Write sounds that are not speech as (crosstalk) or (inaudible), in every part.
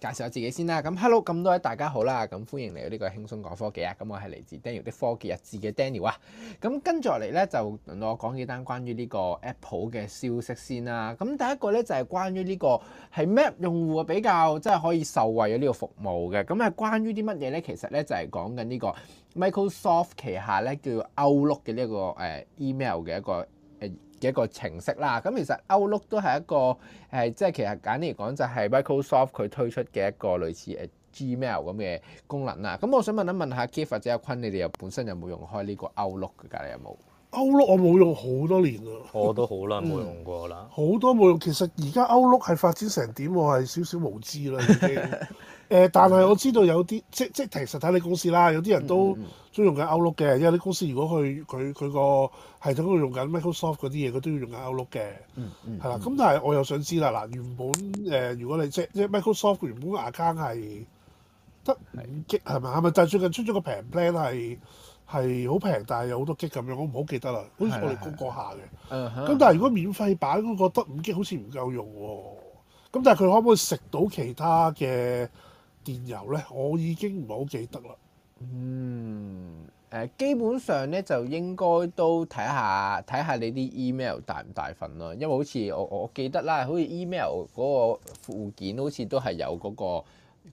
介紹下自己先啦。咁，hello，咁多位大家好啦。咁，歡迎嚟到呢個輕鬆講科技啊。咁，我係嚟自 Daniel 的科技日誌嘅 Daniel 啊。咁跟住落嚟咧，就輪到我講幾單關於呢個 Apple 嘅消息先啦。咁，第一個咧就係關於呢個係 Mac 用戶啊，比較即係可以受惠咗呢個服務嘅。咁係關於啲乜嘢咧？其實咧就係講緊呢個 Microsoft 旗下咧叫 Outlook 嘅呢個誒 email 嘅一個誒。嘅一個程式啦，咁其實 Outlook 都係一個誒，即係其實簡言而講就係 Microsoft 佢推出嘅一個類似誒 Gmail 咁嘅功能啦。咁我想問一問下，Jeff 或者阿坤，你哋又本身有冇用開呢個 Outlook 嘅？隔離有冇？Outlook 我冇用好多年啦，我都好耐冇用過啦、 (laughs) 嗯，好多冇用。其實而家 Outlook 係發展成點？我係少少無知啦，已經。 (laughs) 誒、呃，但係我知道有啲即即，即，其實睇你公司啦。有啲人都、嗯嗯、都用緊 Outlook 嘅，因為啲公司如果佢佢佢個系統都用緊 Microsoft 嗰啲嘢，佢都要用緊 Outlook 嘅，係、嗯、啦。咁、嗯嗯、但係我又想知啦，嗱原本誒、呃，如果你即即，即 Microsoft 原本個 account 係得五 G，係咪係咪？就是最近出咗個平 plan 係係好平，但係有好多 G 咁樣，我唔好記得啦。好似我哋講過下嘅，咁的的、uh, 但係如果免費版都覺得五 G 好似唔夠用喎、哦。咁但係佢可唔可以食到其他嘅？電郵呢，我已經唔係好記得啦。嗯，基本上呢，就應該都睇下睇下你啲 email 大唔大份咯。因為好似我我記得啦，好似 email 嗰個附件好似都係有嗰個。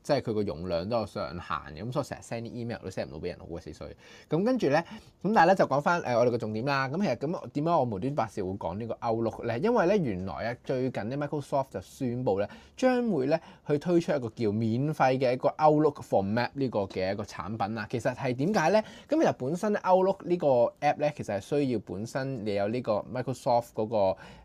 即係佢個容量都有上限嘅，咁所以成日 send 啲 email 都 send 唔到俾人好鬼死衰。咁跟住咧，咁但係咧就講翻誒我哋個重點啦。咁其實咁點解我無端端白事會講呢個 Outlook 咧？因為咧原來啊最近啲 Microsoft 就宣布咧將會咧去推出一個叫免費嘅一個 Outlook for Mac 呢個嘅一個產品啦。其實係點解咧？咁其實本身 Outlook 呢個 app 咧其實係需要本身你有呢個 Mic、嗰個、Microsoft 嗰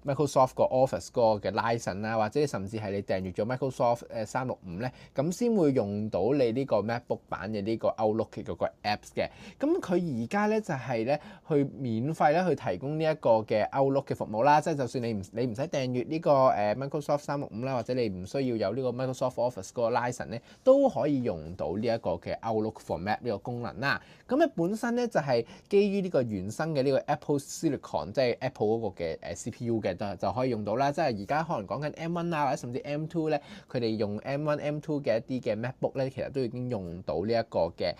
個 Microsoft 個 Office 嗰個嘅 licence 啦，或者甚至係你訂閱咗 Microsoft 誒三六五咧咁。先會用到你呢個 MacBook 版嘅呢個 Outlook 嘅個 Apps 嘅，咁佢而家咧就係咧去免費咧去提供呢一個嘅 Outlook 嘅服務啦，即係就算你唔你唔使訂閲呢、呢個誒、啊、Microsoft 三六五啦，或者你唔需要有呢個 Microsoft Office 嗰個 license 咧，都可以用到呢一個嘅 Outlook for Mac 呢個功能啦。咁咧本身咧就係基於呢個原生嘅呢個 Apple Silicon，即係 Apple 嗰個嘅誒 CPU 嘅，就可以用到啦。即係而家可能講緊 M 一啦，或者甚至 M 二咧，佢哋用 M 一 M 二嘅。啲嘅 MacBook 咧，其實都已經用到呢一個嘅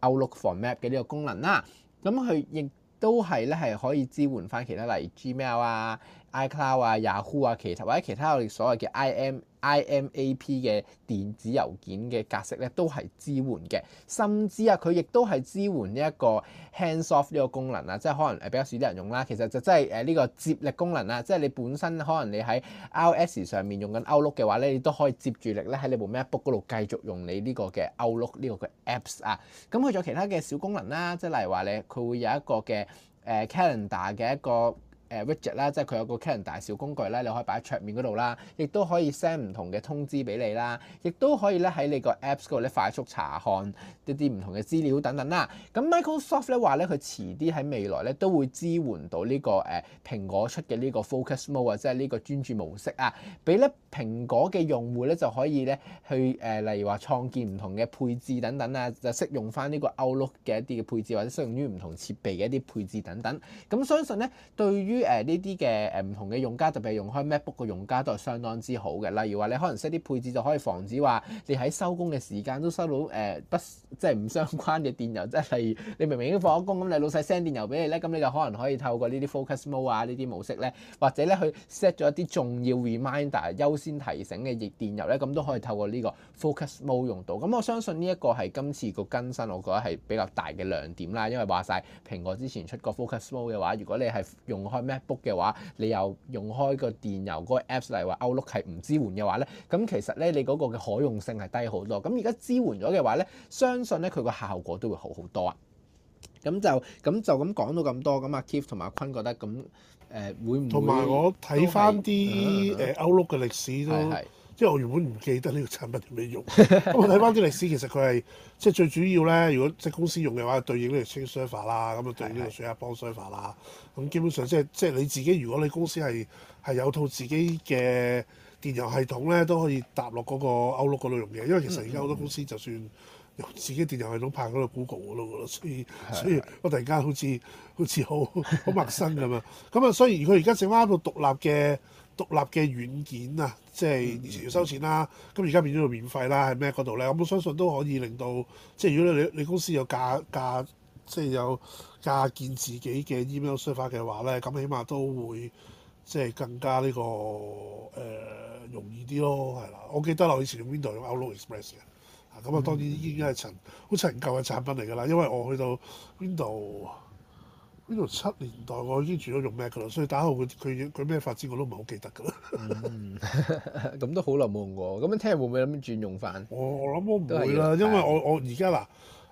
Outlook for Mac 嘅呢個功能啦。咁佢亦都係咧，係可以支援翻其他例如 Gmail 啊。iCloud 啊、Yahoo 啊、其他或者其他我哋所謂嘅 IM、IMAP 嘅電子郵件嘅格式咧，都係支援嘅。甚至啊，佢亦都係支援呢一個 Handoff 呢個功能啊，即係可能誒比較少啲人用啦。其實就真係誒呢個接力功能啦，啊，即係你本身可能你喺 iOS 上面用緊 Outlook 嘅話咧，你都可以接住力咧喺你部 MacBook 嗰度繼續用你呢個嘅 Outlook 呢個嘅 Apps 啊。咁佢仲有其他嘅小功能啦，啊，即係例如話咧，佢會有一個嘅誒、呃、Calendar 嘅一個。誒 widget 啦，即係佢有個 Calendar 小工具咧，你可以擺喺桌面度啦，亦都可以 send 唔同嘅通知俾你啦，亦都可以咧喺你個 Apps 度咧快速查看一啲唔同嘅資料等等啦。咁 Microsoft 咧話咧，佢遲啲喺未來咧都會支援到呢個誒蘋果出嘅呢個 Focus Mode，即係呢個專注模式啊，俾咧蘋果嘅用戶咧就可以咧去誒例如話創建唔同嘅配置等等啊，就適用翻呢個 Outlook 嘅一啲嘅配置或者適用於唔同設備嘅一啲配置等等。咁相信咧，對於，誒呢啲嘅誒唔同嘅用家，特別係用開 MacBook 嘅用家都係相當之好嘅。例如話，你可能 set 啲配置就可以防止話你喺收工嘅時間都收到誒、呃、不即係唔相關嘅電郵。即係例如你明明已經放咗工，咁你老細 send 電郵俾你咧，咁你就可能可以透過呢啲 Focus Mode 啊呢啲模式咧，或者咧去 set 咗一啲重要 reminder 優先提醒嘅熱電郵咧，咁都可以透過呢個 Focus Mode 用到。咁我相信呢一個係今次個更新，我覺得係比較大嘅亮點啦。因為話晒蘋果之前出過 Focus Mode 嘅話，如果你係用開 MacBook 嘅話，你又用開個電郵嗰個 Apps，例如話 Outlook 係唔支援嘅話咧，咁其實咧你嗰個嘅可用性係低好多。咁而家支援咗嘅話咧，相信咧佢個效果都會好好多啊。咁就咁就咁講到咁多。咁阿 Keith 同埋阿坤覺得咁誒、呃、會唔會同埋我睇翻啲誒 Outlook 嘅歷史都。嗯嗯嗯因為我原本唔記得呢個產品點樣用，咁我睇翻啲歷史，其實佢係即係最主要咧。如果即係公司用嘅話，對應呢個 Exchange server 啦，咁啊對應呢個 SharePoint server 啦。咁基本上、就是、即係即係你自己，如果你公司係係有套自己嘅電郵系統咧，都可以搭落嗰個 Outlook 嗰度用嘅。因為其實而家好多公司就算，嗯嗯嗯用自己電郵系統排嗰個 Google 嘅咯喎，所以所以我突然間好似好似好好陌生咁啊！咁啊，雖然佢而家整翻一個獨立嘅獨立嘅軟件啊，即係以前要收錢啦，咁而家變咗做免費啦，喺 Mac 嗰度咧，我相信都可以令到即係如果你你公司有架架即係有架建自己嘅 email Server 嘅話咧，咁起碼都會即係更加呢個誒容易啲咯，係啦。我記得我以前用 Windows 用 Outlook Express 嘅。咁啊，嗯、當然已經係陳好陳舊嘅產品嚟㗎啦。因為我去到 Window Window 七、嗯、年代，我已經轉咗用 Mac 㗎啦。所以打開佢佢佢咩發展我都唔係好記得㗎啦。咁都好耐冇用過。咁聽日會唔會諗轉用翻？我我諗我唔會啦，因為我我而家嗱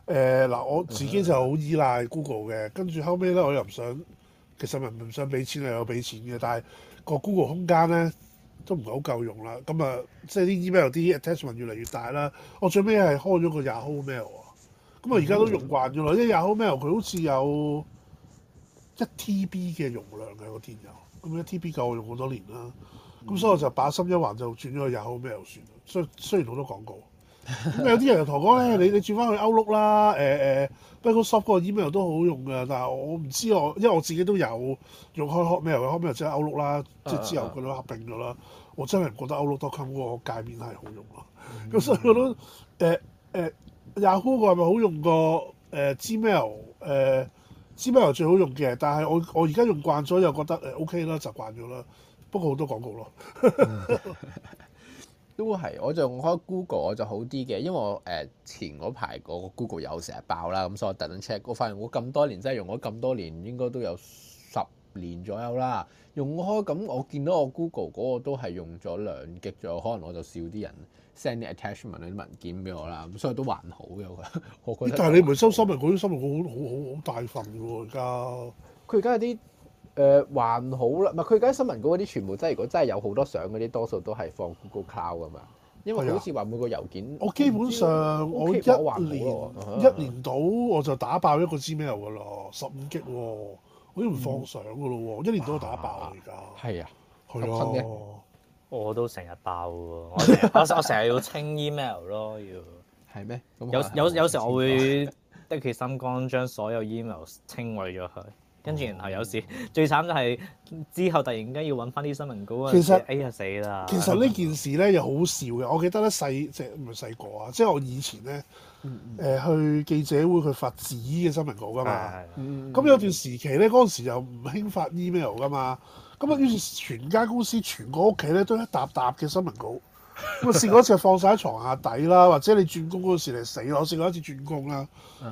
誒嗱我自己就好依賴 Google 嘅。跟住、嗯嗯、後尾咧，我又唔想其實唔唔想俾錢係有俾錢嘅，但係個 Google 空間咧。都唔係好夠用啦，咁啊，即係啲 email 啲 attachment 越嚟越大啦。我最尾係開咗個 Yahoo Mail 啊，咁啊，而家都用慣咗啦。嗯、因為 Yahoo Mail 佢好似有一 TB 嘅容量嘅個電郵，咁一 TB 夠我用好多年啦。咁所以我就把心一橫就轉咗個 Yahoo Mail 算啦。雖雖然好多廣告。咁、 (laughs) 嗯、有啲人同我講咧，你你轉翻去 Outlook 啦，誒誒 Microsoft 嗰個 email 都好用噶，但係我唔知我，因為我自己都有用開 hotmail，hotmail 即係 Outlook 啦，即係之後佢都合併咗啦。我真係唔覺得 Outlook .com 嗰個界面係好用咯。咁所以我都誒誒 Yahoo 個係咪好用過誒 Gmail？誒 Gmail 最好用嘅，但係我我而家用慣咗又覺得誒 OK 啦，習慣咗啦，不過好多廣告咯。 (laughs) (laughs) 都係，我就用開 Google，我就好啲嘅，因為我誒、呃、前嗰排個 Google 有成日爆啦，咁所以我突然 check，我發現我咁多年真係用咗咁多年，應該都有十年左右啦。用開咁，我見到我 Google 嗰個都係用咗兩 G 咗。可能我就少啲人 send 啲 attachment 啲文件俾我啦，咁所以都還好嘅。我覺得，但係你唔係收新聞嗰啲新聞，好好好，好大份而家，㗎，佢而家有啲。誒還好啦，唔係佢而家新聞嗰啲全部真係，如果真係有好多相嗰啲，多數都係放 Google Cloud 㗎嘛，因為好似話每個郵件，我基本上我一年一年到我就打爆一個 Gmail 噶啦，十五 G，我都唔放相噶啦喎，一年到打爆而家。係啊，係咯，我都成日爆喎，我我成日要清 email 咯，要係咩？有有有時我會的起心肝將所有 email 清位咗佢。跟住，然後有時，最慘就係之後突然間要揾翻啲新聞稿啊！其實哎呀死啦！其實呢件事咧又、嗯、好笑嘅，我記得咧細，即唔係細個啊，即係我以前咧誒、嗯嗯呃、去記者會去發紙嘅新聞稿噶嘛。咁有段時期咧，嗰陣時又唔興發 email 噶嘛，咁啊於是全家公司、全個屋企咧都一沓沓嘅新聞稿。我 (laughs) 試過一次放晒喺床下底啦，或者你轉工嗰時你死啦！我試過一次轉工啦，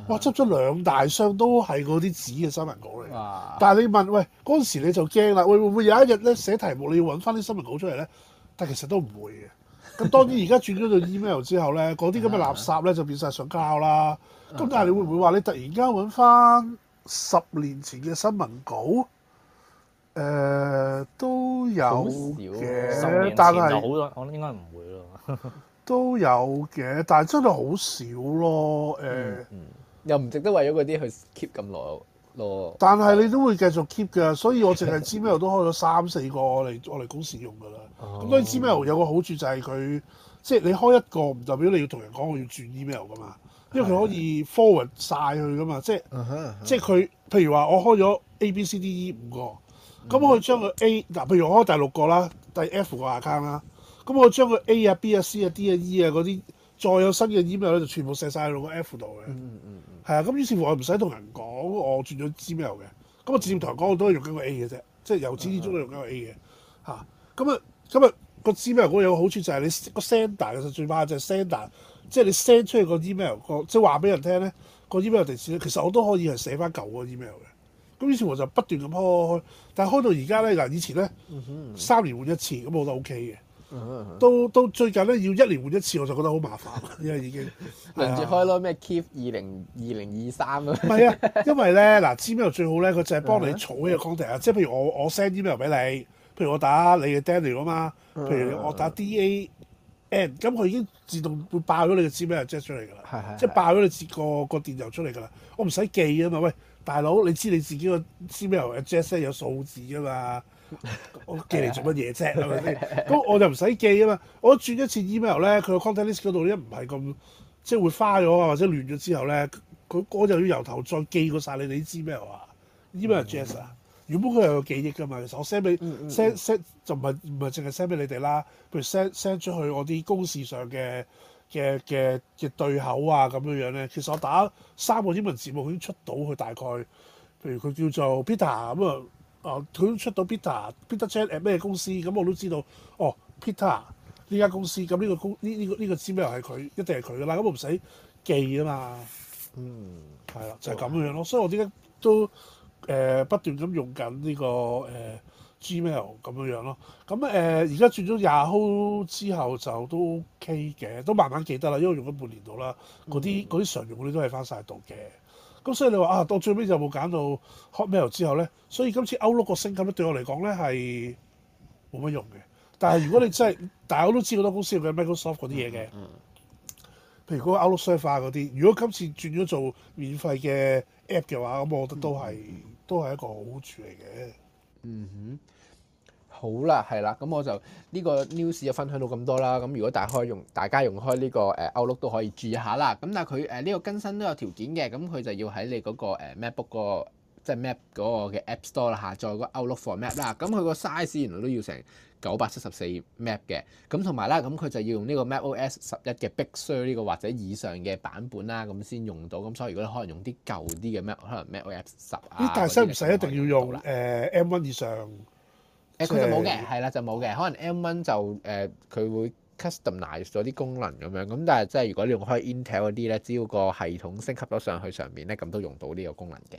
哇執咗兩大箱都係嗰啲紙嘅新聞稿嚟。但係你問喂嗰陣時你就驚啦，會會唔會有一日咧寫題目你要揾翻啲新聞稿出嚟咧？但係其實都唔會嘅。咁當然而家轉咗做 email 之後咧，嗰啲咁嘅垃圾咧就變晒上交啦。咁但係你會唔會話你突然間揾翻十年前嘅新聞稿？誒、uh, 都有嘅，少但係好多我應該唔會咯。 (laughs) 都有嘅，但係真係好少咯。誒、uh, mm hmm. 又唔值得為咗嗰啲去 keep 咁耐咯。但係你都會繼續 keep 嘅，所以我淨係 gmail (laughs) 都開咗三四個我嚟我嚟公司用㗎啦。咁所以 gmail 有個好處就係佢即係你開一個唔代表你要同人講我要轉 email 㗎嘛，因為佢可以 forward 晒佢㗎嘛，即係即係佢譬如話我開咗 A、B、C、D、E 五個。咁、嗯嗯、我將個 A 嗱，譬如我第六個啦，第 F 個 account 啦，咁我將個 A 啊、B 啊、C 啊、D 啊、E 啊嗰啲，再有新嘅 email 咧，就全部寫晒喺嗰個 F 度嘅、嗯。嗯嗯嗯。係啊，咁於是乎我唔使同人講我轉咗 Gmail 嘅，咁我字幕台講我都係用緊個 A 嘅啫，即係由始至終都用緊個 A 嘅。嚇、嗯，咁、嗯、啊，咁啊，個 Gmail 嗰個有個好處就係你個 send 大其實最怕就係 send 大，即係你 send 出去個 email 個，即係話俾人聽咧個 email 地址咧，其實我都可以係寫翻舊個 email 嘅。咁以前我就不斷咁開開，但係開到而家咧，嗱以前咧、嗯、哼三年換一次，咁我覺得 OK 嘅。嗯、哼到到最近咧要一年換一次，我就覺得好麻煩，因為已經輪住 (laughs) 開咯咩 Keep 二零二零二三啊。唔係啊，因為咧嗱 Gmail 最好咧，佢就係幫你儲呢個 contact 啊、嗯哼，即係譬如我我 send email 俾你，譬如我打你嘅 Daniel 啊嘛，譬如我打 DA N，咁佢已經自動會爆咗你嘅 Gmail 出嚟㗎啦，嗯、哼即係爆咗你個個電郵出嚟㗎啦，我唔使記啊嘛，喂！大佬，你知你自己個 Gmail address 咧有數字㗎嘛？我寄嚟做乜嘢啫？係咪先？咁我就唔使寄啊嘛！我轉一次 email 咧，佢個 contact list 嗰度一唔係咁即係會花咗啊，或者亂咗之後咧，佢我又要由頭再記過晒你哋啲 Gmail 啊！email (laughs) address 啊，原本佢又有記憶㗎嘛？其實我 send 俾 send send 就唔係唔係淨係 send 俾你哋啦，譬如 send send 出去我啲公事上嘅。嘅嘅嘅對口啊咁樣樣咧，其實我打三個英文字母已經出到佢大概，譬如佢叫做 Peter 咁啊，啊佢都出到 Peter Peter Chat at 咩公司咁、嗯、我都知道，哦 Peter 呢間公司咁呢、嗯這個公呢呢個呢、這個簽名又係佢，一定係佢噶啦，咁我唔使記啊嘛。嗯，係啦、嗯，就係、是、咁樣樣咯，嗯、所以我點解都誒、呃、不斷咁用緊、這、呢個誒。呃 Gmail 咁樣樣咯，咁誒而家轉咗廿號之後就都 OK 嘅，都慢慢記得啦，因為用咗半年度啦，嗰啲啲常用嗰啲都係翻晒度嘅。咁所以你話啊，到最尾就冇揀到 Hotmail 之後咧，所以今次 Outlook 個升級咧對我嚟講咧係冇乜用嘅。但係如果你真係， (laughs) 但係我都知好多公司有嘅 Microsoft 嗰啲嘢嘅，譬 (laughs) 如嗰個 Outlook 商化嗰啲，如果今次轉咗做免費嘅 App 嘅話，咁我覺得都係 (laughs) 都係一個好處嚟嘅。嗯哼，好啦，係啦，咁我就呢、這個 news 就分享到咁多啦。咁如果大家用，大家用開呢個誒 Outlook 都可以注意下啦。咁但係佢誒呢個更新都有條件嘅，咁佢就要喺你嗰個誒 MacBook 個。即係 map 嗰個嘅 App Store 啦，下載嗰個 Outlook for Map 啦。咁佢個 size 原來都要成九百七十四 map 嘅。咁同埋咧，咁佢就要用呢個 m a c O S 十一嘅 Big 必須呢個或者以上嘅版本啦，咁先用到。咁所以如果你可能用啲舊啲嘅 m a c 可能 m a c O S 十啊，但係使唔使一定要用誒 M 一以上？誒佢就冇、是、嘅，係啦就冇嘅。可能 M 就、呃、一就誒佢會 customise 咗啲功能咁樣。咁但係即係如果你用開 Intel 嗰啲咧，只要個系統升級咗上去上面咧，咁都用到呢個功能嘅。